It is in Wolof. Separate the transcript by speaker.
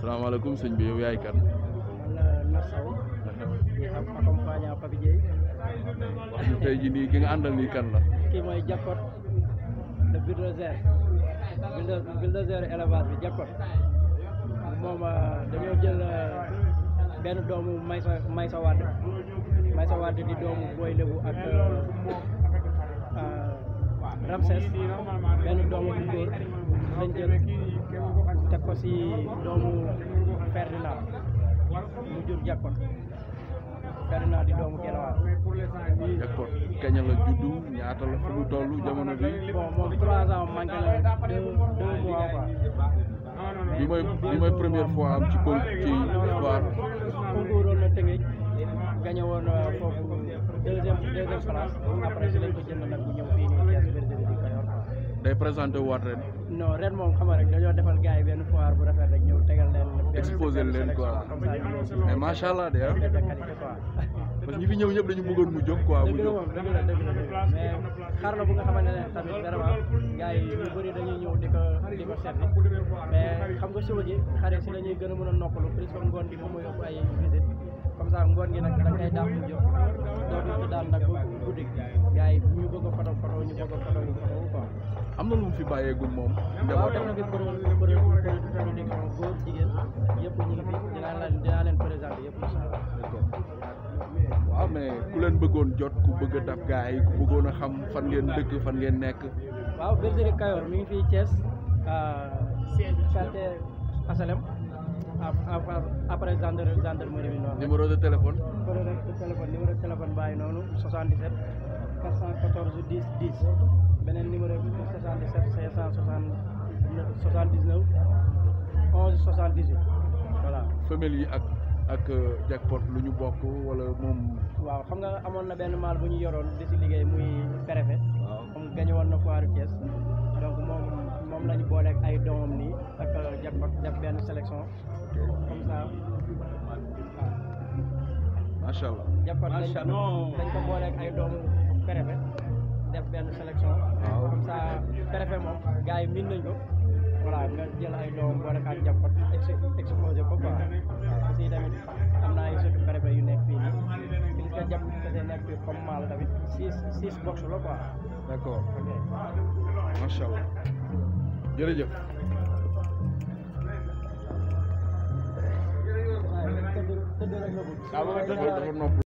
Speaker 1: Assalamualaikum, sëñ bi yow kan. wax ñu tey jii nii ki nga àndal nii kan la. kii mooy Jakot le bulldozer bulldozer élevage bi Jakot moom demi jël eh, benn domu Maysa Maysa Wade Maysa Wade di domu Boy Lebu ak Ramses benn domu bu góor lañ teg ko si doomu Ferdinand mu jur Jakot Ferdinand di doomu Gelwaar. Jakot kañ la juddu ñaata la fu mu toll jamono bi. bon moom trois ans manqué na deux deux mois quoi. bi mooy bi mooy première fois am ci con ci histoire. concours woon na gagné woon foofu deuxième deuxième place après ko jënd di day présenté waat ren. non ren moom xam rek dañoo defal gars yi benn foire bu rafet rek ñëw tegal leen. exposé leen quoi mais macha allah de ah. parce que ñi fi ñëw ñëpp dañu bëggoon mu jóg quoi. mu jóg dëgg la dëgg la dëgg la mais xar nga xamante ne tamit vraiment gars yi ñu bëri dañuy ñëw di ko di ko seetli mais xam nga suba ji xar yi si la ñuy gën a mën a noppalu plus que ngoon gi moom mooy ëpp ay visite comme ça ngoon gi nag da ngay daal mu jóg doo ko daal nag guddi gars yi ñu bëgg a foto foto ñu bëgg a foto ñu am na lu mu fi bàyyeegul moom. njabootam waaw def na fi bëri jigéen yëpp ñu fi dinaa leen dinaa leen présenté yëpp incha waaw mais ku leen bëggoon jot ku bëgg a dab gars yi ku bëggoon a xam fan ngeen dëkk fan leen nekk. waaw bergerie Kayor mi ngi fii Thiès. quartier euh, Asalem. après gendarmerie gendarmerie bi noonu. numéro de téléphone. numéro de téléphone numéro de téléphone noonu 77. dix dix beneen numéro bi 77 569 79 11 78 voilà. femelle yi ak ak euh, jackpot lu ñu bokk wala moom. waaw xam nga amoon na benn maal bu ñu yoroon di si liggéey muy préfet. waaw comme gañe na foire Thiès donc moom moom lañu booleeg ay doomam nii ak euh, jackpot def benn sélection comme ça. macha allah. macha allah dañ ko ay doomu préfet. préfet moom gars yi miin nañ ko voilà nga jël ay doom boole kaat jàpp exposé ko quoi aussi tamit am na ay surtout préfet yu nekk fii nii gis nga jàpp kese nekk fii comme maal tamit six six box la quoi d'accord macha allah jërëjëf ah, waaw